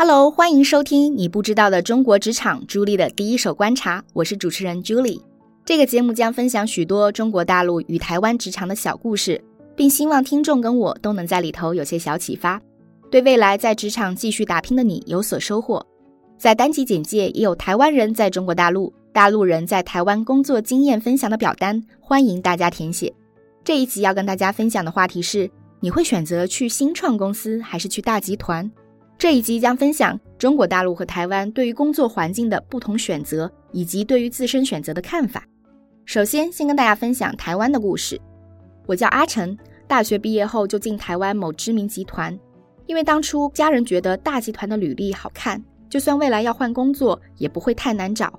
Hello，歡迎收聽你不知道的中國職場，朱俐的第一手觀察。我是主持人朱俐。這個節目將分享許多中國大陸與台灣職場的小故事，並希望聽眾跟我都能在裡頭有些小啟發，對未來在職場繼續打拼的你有所收穫。在單集簡介也有台灣人在中國大陸、大陸人在台灣工作經驗分享的表單，歡迎大家填寫。這一集要跟大家分享的話題是：你會選擇去新創公司還是去大集團？這一集將分享中國大陸和台灣對於工作環境的不同選擇，以及對於自身選擇的看法。首先，先跟大家分享台灣的故事。我叫阿晨，大學畢業後就進台灣某知名集團，因為當初家人覺得大集團的履歷好看，就算未來要換工作也不會太難找。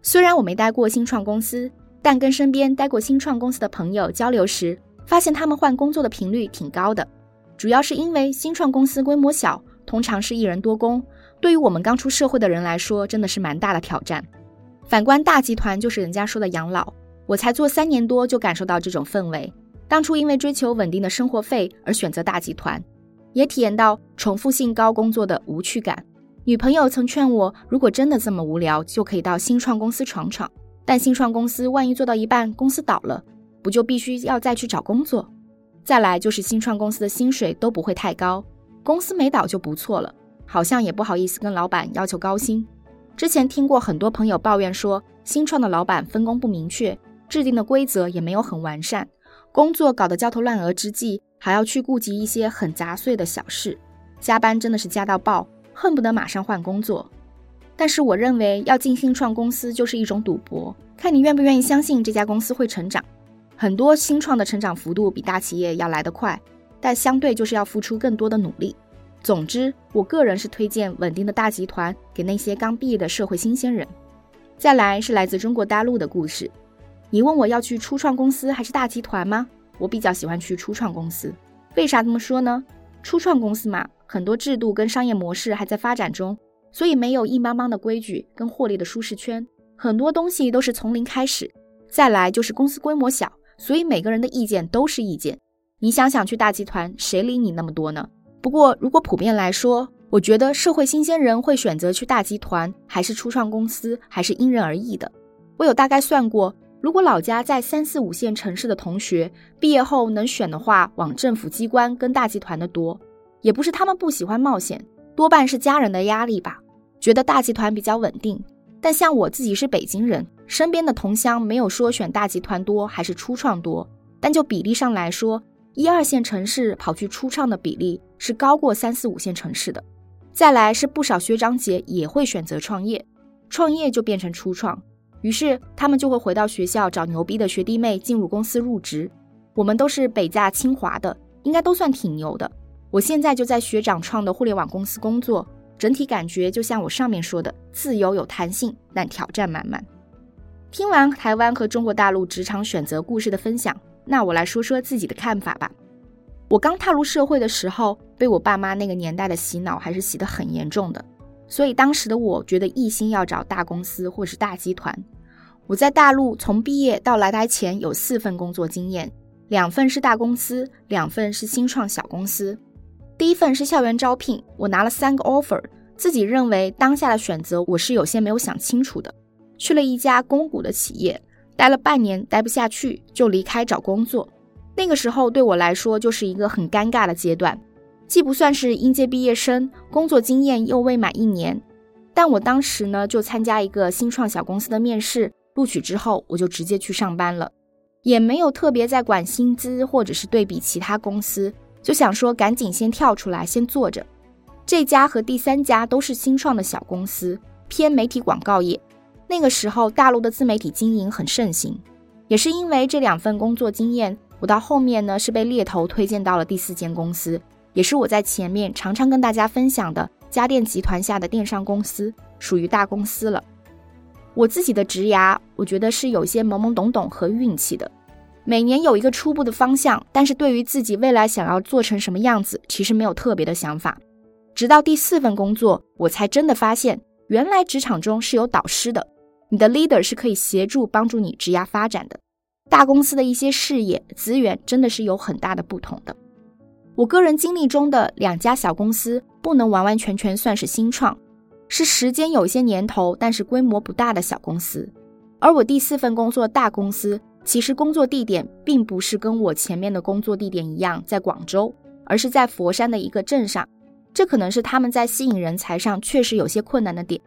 雖然我沒待過新創公司，但跟身邊待過新創公司的朋友交流時，發現他們換工作的頻率挺高的，主要是因為新創公司規模小。通常是一人多工，對於我們剛出社會的人來說，真的是蠻大的挑戰。反觀大集團，就是人家說的養老。我才做三年多就感受到這種氛圍。當初因為追求穩定的生活費而選擇大集團，也體驗到重複性高工作的無趣感。女朋友曾勸我，如果真的這麼無聊，就可以到新創公司闖闖。但新創公司萬一做到一半，公司倒了，不就必須要再去找工作？再來就是新創公司的薪水都不會太高。公司沒倒就不錯了，好像也不好意思跟老闆要求高薪。之前聽過很多朋友抱怨說，新創的老闆分工不明確，制定的規則也沒有很完善，工作搞得焦頭爛額之際，還要去顧及一些很雜碎的小事，加班真的是加到爆，恨不得馬上換工作。但是我認為，要進新創公司就是一種賭博，看你願不願意相信這家公司會成長。很多新創的成長幅度比大企業要來得快。但相對就是要付出更多的努力。總之，我個人是推薦穩定的大集團給那些剛畢業的社會新鮮人。再來是來自中國大陸的故事。你問我要去初創公司還是大集團嗎？我比較喜歡去初創公司。為啥這麼說呢？初創公司嘛，很多制度跟商業模式還在發展中，所以沒有硬邦邦的規矩跟獲利的舒適圈。很多東西都是從零開始。再來就是公司規模小，所以每個人的意見都是意見。你想想，去大集團誰理你那麼多呢？不過如果普遍來說，我覺得社會新鮮人會選擇去大集團還是初創公司，還是因人而異的。我有大概算過，如果老家在三四五線城市的同學畢業後能選的話，往政府機關跟大集團的多。也不是他們不喜歡冒險，多半是家人的壓力吧，覺得大集團比較穩定。但像我自己是北京人，身邊的同鄉沒有說選大集團多還是初創多，但就比例上來說，一二線城市跑去初創的比例是高過三四五線城市的，再來是不少學長姐也會選擇創業，創業就變成初創，於是他們就會回到學校找牛逼的學弟妹進入公司入職。我們都是北大清華的，應該都算挺牛的。我現在就在學長創的互聯網公司工作，整體感覺就像我上面說的，自由有彈性，但挑戰滿滿。聽完台灣和中國大陸職場選擇故事的分享。那我來說說自己的看法吧。我剛踏入社會的時候，被我爸媽那個年代的洗腦還是洗得很嚴重的，所以當時的我覺得一心要找大公司或是大集團。我在大陸從畢業到來台前有四份工作經驗，兩份是大公司，兩份是新創小公司。第一份是校園招聘，我拿了三個 offer，自己認為當下的選擇我是有些沒有想清楚的，去了一家公股的企業。待了半年，待不下去就離開找工作。那個時候對我來說就是一個很尷尬的階段，既不算是應屆畢業生，工作經驗又未滿一年。但我當時呢就參加一個新創小公司的面試，錄取之後我就直接去上班了，也沒有特別在管薪資或者是對比其他公司，就想說趕緊先跳出來先做着。這家和第三家都是新創的小公司，偏媒體廣告業。那個時候，大陸的自媒體經營很盛行，也是因為這兩份工作經驗，我到後面呢，是被獵頭推薦到了第四間公司，也是我在前面常常跟大家分享的家電集團下的電商公司，屬於大公司了。我自己的職涯，我覺得是有些懵懵懂懂和運氣的，每年有一個初步的方向，但是對於自己未來想要做成什麼樣子，其實沒有特別的想法。直到第四份工作，我才真的發現，原來職場中是有導師的。你的 leader 是可以協助幫助你職業發展的，大公司的一些事業資源，真的是有很大的不同的。我個人經歷中的兩家小公司不能完完全全算是新創，是時間有些年頭，但是規模不大的小公司。而我第四份工作大公司，其實工作地點並不是跟我前面的工作地點一樣，在廣州，而是在佛山的一個鎮上，這可能是他們在吸引人才上確實有些困難的點。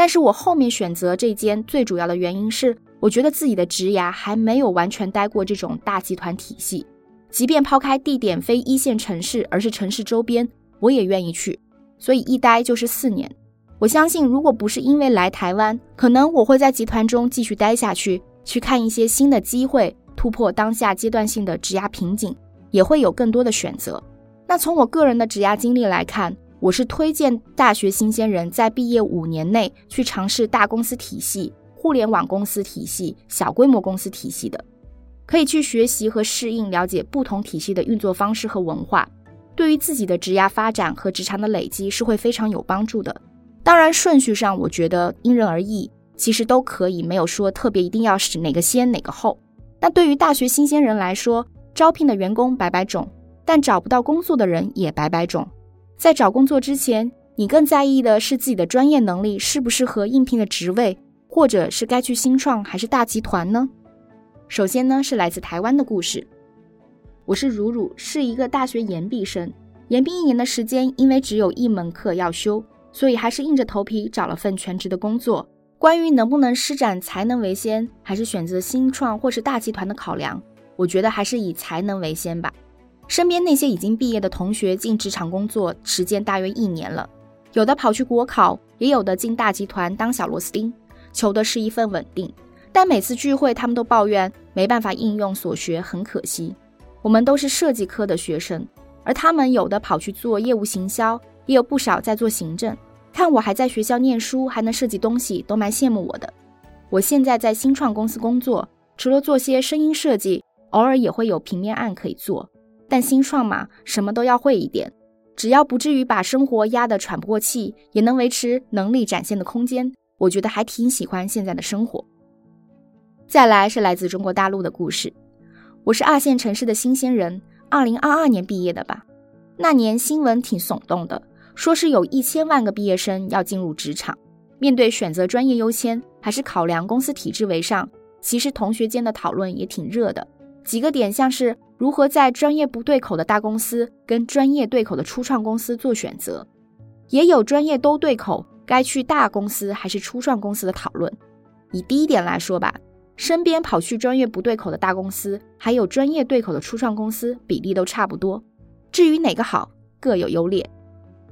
但是我後面選擇這間最主要的原因是，我覺得自己的職涯還沒有完全待過這種大集團體系。即便拋開地點非一線城市，而是城市周邊，我也願意去。所以一待就是四年。我相信，如果不是因為來台灣，可能我會在集團中繼續待下去，去看一些新的機會，突破當下階段性的職涯瓶頸，也會有更多的選擇。那從我個人的職涯經歷來看。我是推薦大學新鮮人在畢業五年內去嘗試大公司體系、互聯網公司體系、小規模公司體系的，可以去學習和適應，了解不同體系的運作方式和文化，對於自己的職涯發展和職場的累積是會非常有幫助的。當然，順序上我覺得因人而異，其實都可以，沒有說特別一定要是哪個先哪個後。那對於大學新鮮人來說，招聘的員工百百種，但找不到工作的人也百百種。在找工作之前，你更在意的是自己的專業能力適不適合應聘的職位，或者是該去新創還是大集團呢？首先呢，是來自台灣的故事。我是如如，是一個大學延畢生。延畢一年的時間，因為只有一門課要修，所以還是硬着頭皮找了份全職的工作。關於能不能施展才能為先，還是選擇新創或是大集團的考量，我覺得還是以才能為先吧。身邊那些已經畢業的同學進職場工作時間大約一年了，有的跑去國考，也有的進大集團當小螺絲釘，求的是一份穩定。但每次聚會，他們都抱怨沒辦法應用所學，很可惜。我們都是設計科的學生，而他們有的跑去做業務行銷，也有不少在做行政。看我還在學校念書，還能設計東西，都蠻羨慕我的。我現在在新創公司工作，除了做些聲音設計，偶爾也會有平面案可以做。但新創嘛，什麼都要會一點，只要不至於把生活壓得喘不過氣，也能維持能力展現的空間，我覺得還挺喜歡現在的生活。再來是來自中國大陸的故事，我是二線城市的新鮮人，二零二二年畢業的吧，那年新聞挺聳動的，說是有一千萬個畢業生要進入職場，面對選擇專業優先還是考量公司體制為上，其實同學間的討論也挺熱的，幾個點像是。如何在專業不對口的大公司跟專業對口的初創公司做選擇？也有專業都對口，該去大公司還是初創公司的討論。以第一點來說吧，身邊跑去專業不對口的大公司，還有專業對口的初創公司，比例都差不多。至於哪個好，各有優劣。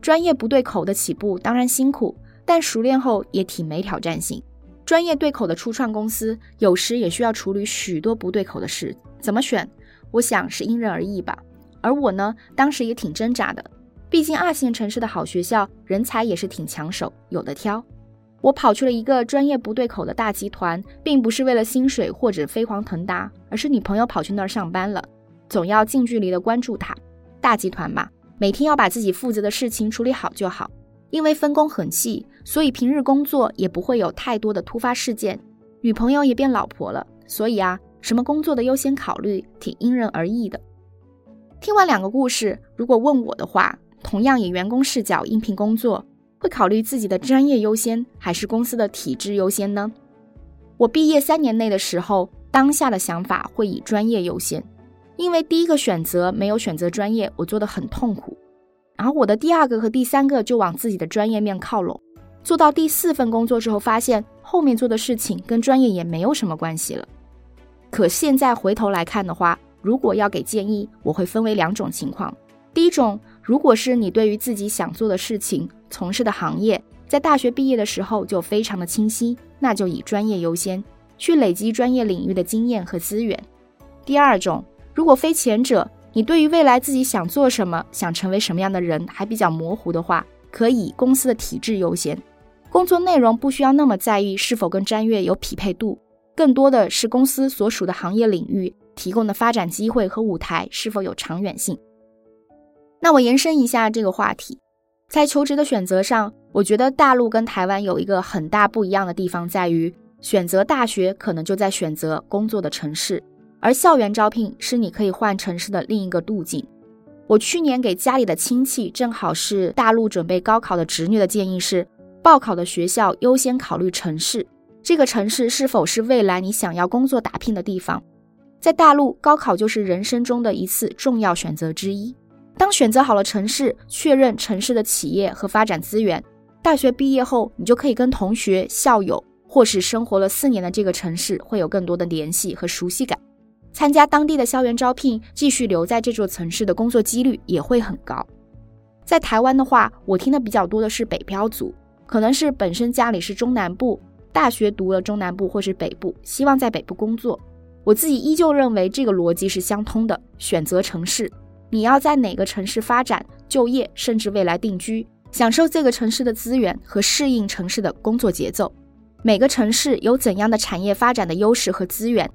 專業不對口的起步當然辛苦，但熟練後也挺沒挑戰性。專業對口的初創公司有時也需要處理許多不對口的事，怎麼選？我想是因人而異吧，而我呢，當時也挺掙扎的。畢竟二線城市的好學校，人才也是挺搶手，有的挑。我跑去了一個專業不對口的大集團，並不是為了薪水或者飛黃騰達，而是女朋友跑去那兒上班了，總要近距離的關注她。大集團嘛，每天要把自己負責的事情處理好就好，因為分工很細，所以平日工作也不會有太多的突發事件。女朋友也變老婆了，所以啊。什麼工作的優先考慮，挺因人而異的。聽完兩個故事，如果問我的話，同樣以員工視角應聘工作，會考慮自己的專業優先，還是公司的體制優先呢？我畢業三年內的時候，當下的想法會以專業優先，因為第一個選擇沒有選擇專業，我做得很痛苦。然後我的第二個和第三個就往自己的專業面靠攏，做到第四份工作之後，發現後面做的事情跟專業也沒有什麼關係了。可現在回頭來看的話，如果要給建議，我會分為兩種情況。第一種，如果是你對於自己想做的事情、從事的行業，在大學畢業的時候就非常的清晰，那就以專業優先，去累積專業領域的經驗和資源。第二種，如果非前者，你對於未來自己想做什麼、想成為什麼樣的人還比較模糊的話，可以以公司的體制優先，工作內容不需要那麼在意是否跟專業有匹配度。更多的是公司所屬的行業領域提供的發展機會和舞台是否有長遠性。那我延伸一下這個話題，在求職的選擇上，我覺得大陸跟台灣有一個很大不一樣的地方在於，選擇大學可能就在選擇工作的城市，而校園招聘是你可以換城市的另一個路徑。我去年給家裡的親戚，正好是大陸準備高考的侄女的建議是，報考的學校優先考慮城市。這個城市是否是未來你想要工作打拼的地方？在大陸，高考就是人生中的一次重要選擇之一。當選擇好了城市，確認城市的企業和發展資源，大學畢業後，你就可以跟同學校友或是生活了四年的這個城市會有更多的聯繫和熟悉感。參加當地的校園招聘，繼續留在這座城市的工作幾率也會很高。在台灣的話，我聽的比較多的是北漂族，可能是本身家裡是中南部。大學讀了中南部或是北部，希望在北部工作。我自己依舊認為這個邏輯是相通的。選擇城市，你要在哪個城市發展、就業，甚至未來定居，享受這個城市的資源和適應城市的工作節奏。每個城市有怎樣的產業發展的優勢和資源，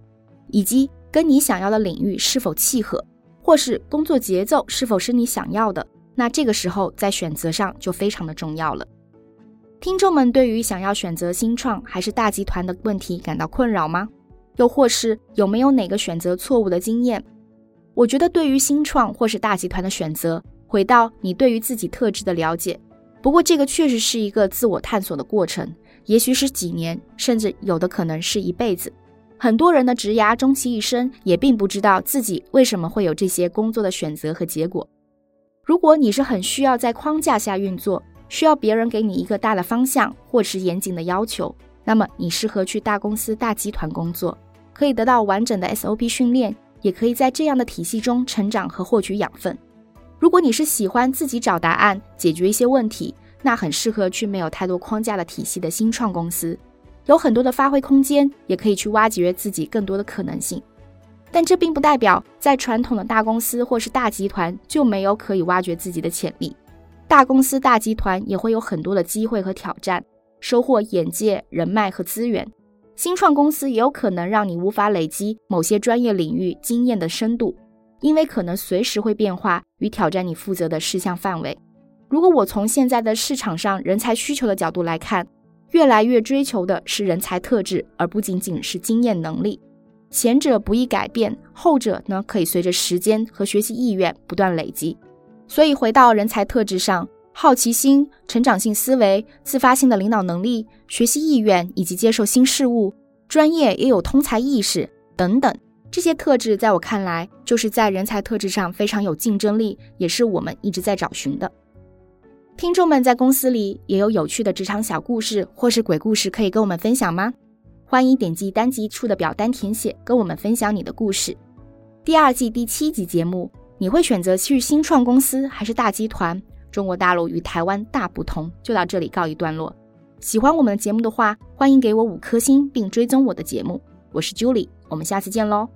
以及跟你想要的領域是否契合，或是工作節奏是否是你想要的，那這個時候在選擇上就非常的重要了。聽眾們對於想要選擇新創還是大集團的問題感到困擾嗎？又或是有沒有哪個選擇錯誤的經驗？我覺得對於新創或是大集團的選擇，回到你對於自己特質的了解。不過這個確實是一個自我探索的過程，也許是幾年，甚至有的可能是一輩子。很多人的職涯終其一生，也並不知道自己為什麼會有這些工作的選擇和結果。如果你是很需要在框架下運作。需要別人給你一個大的方向或是嚴謹的要求，那麼你適合去大公司、大集團工作，可以得到完整的 SOP 訓練，也可以在這樣的體系中成長和獲取養分。如果你是喜歡自己找答案、解決一些問題，那很適合去沒有太多框架的體系的新創公司，有很多的發揮空間，也可以去挖掘自己更多的可能性。但這並不代表在傳統的大公司或是大集團就沒有可以挖掘自己的潛力。大公司、大集團也會有很多的機會和挑戰，收穫眼界、人脈和資源。新創公司也有可能讓你無法累積某些專業領域經驗的深度，因為可能隨時會變化與挑戰你負責的事項範圍。如果我從現在的市場上人才需求的角度來看，越來越追求的是人才特質，而不僅僅是經驗能力。前者不易改變，後者呢可以隨着時間和學習意願不斷累積。所以，回到人才特質上，好奇心、成長性思維、自發性的領導能力、學習意願以及接受新事物、專業也有通才意識等等，這些特質在我看來就是在人才特質上非常有競爭力，也是我們一直在找尋的。聽眾們在公司裡也有有趣的職場小故事或是鬼故事可以跟我們分享嗎？歡迎點擊單集處的表單填寫，跟我們分享你的故事。第二季第七集節目。你會選擇去新創公司還是大集團？中國大陸與台灣大不同，就到這裡告一段落。喜歡我們的節目的話，歡迎給我五顆星並追蹤我的節目。我是 Julie，我們下次見嘍。